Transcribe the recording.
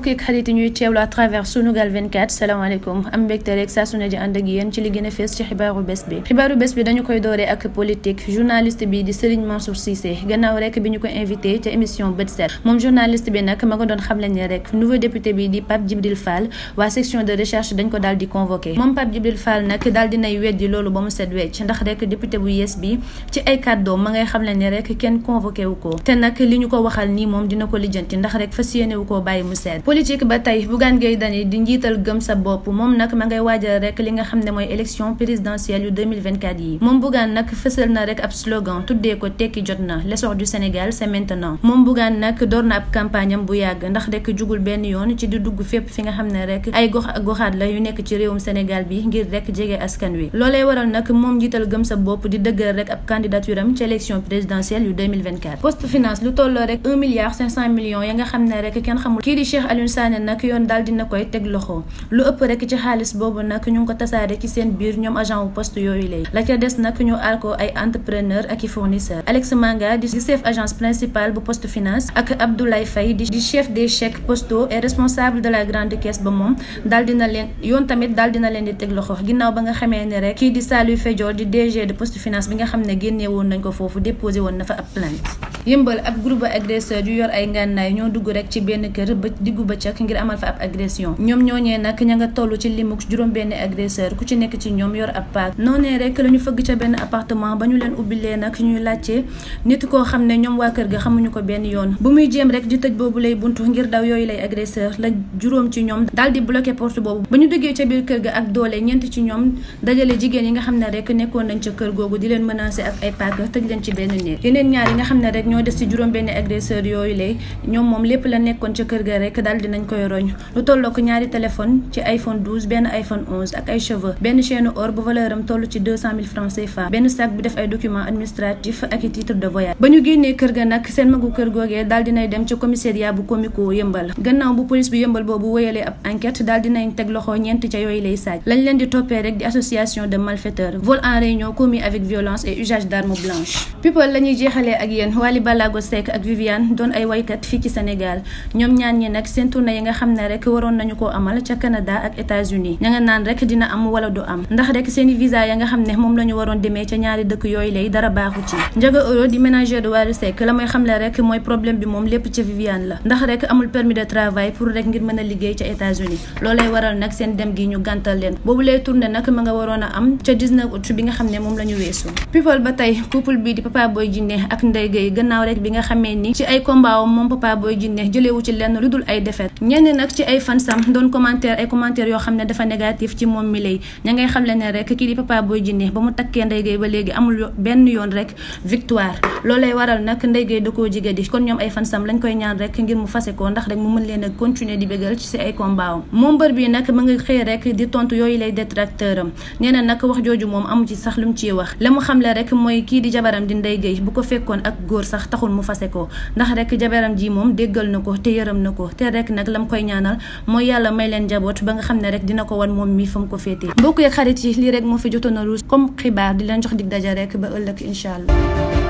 mbokki xarit yi ñuy teewlu à travers Sunugal 24 salaamaaleykum am mbégte rek a fees ci xibaaru bés bi xibaaru bés bi dañu koy dooree ak politique ñu ko invité ca émission bët set moom journaliste bi nag ma nga doon xamle ni rek nouveau député bi di Pape Djibril Fall waa section de recherche dañ ko daal di convoqué moom Pape Djibril Fall nag daal dinay weddi loolu ba mu set wecc ndax rek député bu yees bi ci ay kàddoom ma ngay xamle ni rek kenn convoqué wu ko te nag li ñu ko waxal nii moom dina ko lijjanti ndax rek fas yéene wu koo bàyyi mu seet politique ba tey Bougane Gueye Dany di njiital gëm sa bopp moom nag ma ngay waajal rek li nga xam ne mooy élection présidentielle yu yi moom Bougane nag fësal na rek ab slogan tuddee ko tekki jot na l'essor du Sénégal c'est maintenant moom Bougane nag door na ab campagne bu yàgg ndax rek jugul benn yoon ci di dugg fépp fi nga xam ne rek ay gox ak goxaat la yu nekk ci réewum Sénégal bi ngir rek jege askan wi loolee waral nag moom njiital gëm sa bop di dëggal rek ab candidature am ci élection Aliou Sané nag yoon daal dina koy teg loxo lu ëpp rek ci xaalis boobu nag ñu ngi ko tasaare ci seen biir ñoom agent wu yooyu lay la ca des nag ñu aar ay entrepreneur ak i fournisseur Alex Manga di chef agence principale bu poste finance ak Abdoulaye Faye di chef des chèques postaux et responsable de la grande caisse ba moom daal dina leen yoon tamit daal dina leen di teg loxo ginnaaw ba nga xamee ne rek kii di Saliou Fedior di DG de poste finance bi nga xam ne génne woon nañ ko foofu déposé woon na fa ab plainte yëmbal ab groupe agresseur yu yor ay ngànnaay ñoo dugg rek ci benn kër ba diggu bëccëg ngir amal fa ab agression ñoom ñooñee nag ña nga toll ci limuk juróom benn agresseur ku ci nekk ci ñoom yor ab paak noonee rek la ñu fëgg ca benn appartement ba ñu leen ubbilee nag ñuy laajte nit koo xam ne ñoom waa kër ga xamuñu ko benn yoon bu muy jéem rek di tëj boobu lay bunt ngir daw yooyu lay agresseur la juróom ci ñoom daal di bloqué porte boobu ba ñu duggee ca biir kër ga ak doole ñeent ci ñoom dajale jigéen yi nga xam ne rek nekkoon nañ ca kër googu di leen menacé ak ay paak tëj leen ci benn néeg yeneen ñaar yi nga xam ne rek ñoo des ci juróom benn agresseur yooyu lay ñoom moom lépp la nekkoon ca kër ga rek daal dinañ koy roñ lu tolloo ñaari téléphone ci iPhone benn iPhone ak ay cheveux benn chaîne or bu valeur toll ci 200 000 benn sac bu def ay documents administratifs ak i titre de voyage ba ñu génnee kër ga nag seen magu kër googee daal dinay dem ci commissariat bu Comico yëmbal gannaaw bu police bu yëmbal boobu wéyalee ab enquête daal dinañ teg loxo ñeent ca yooyu di toppee rek di association de Wally Ballago Seck ak Viviane doon ay waykat fii ci Sénégal ñoom ñaan ñi nag seen tournée yi nga xam ne rek waroon nañu koo amal ca Canada ak États-Unis naan rek dina am wala du am ndax rek seeni visa ya nga xam ne moom la waroon demee ca ñaari dëkk yooyu lay dara baaxu ci Ndiaga Euro di ménager de Wally Seck la mooy xam le rek mooy problème bi moom lépp ca Viviane la ndax rek amul permis de travail pour rek ngir mën a liggéey ca États-Unis a am ginnaaw rek bi nga xamee ni ci ay combat moom Papa Boy Djiné jëlewu ci lenn lu dul ay défaite ñenn nag ci ay fansam doon commentaire ay commentaire yoo xam ne dafa négatif ci moom mi lay ña ngay xam le ne rek kii di Papa Boy Djiné ba mu takkee Ndeye ba léegi amul benn yoon rek victoire loolay waral nag Ndeye Gueye da koo jigadi kon ñoom ay fansam lañ koy ñaan rek ngir mu fase ko ndax rek mu mën leen a di bégal ci si ay combat am bi nag ma nga xëy rek di tontu yooyu lay détracteur am nee na nag wax jooju moom amu ci sax lu mu ciy wax la mu xam le rek mooy kii di jabaram di Ndeye Gueye bu ko fekkoon ak góor sax taxul mu fase ko ndax rekk jabaram ji moom déggal na ko te yërëm na ko te rek nag la lam koy ñaanal mooy yàlla may leen njaboot ba nga xam ne rek dina ko wan moom mi fa mu ko féetee boo koy xarit yi lii rek moo fi jotoon a ruus comme xibaar di leen jox dig daja rek ba ëllëg incha allah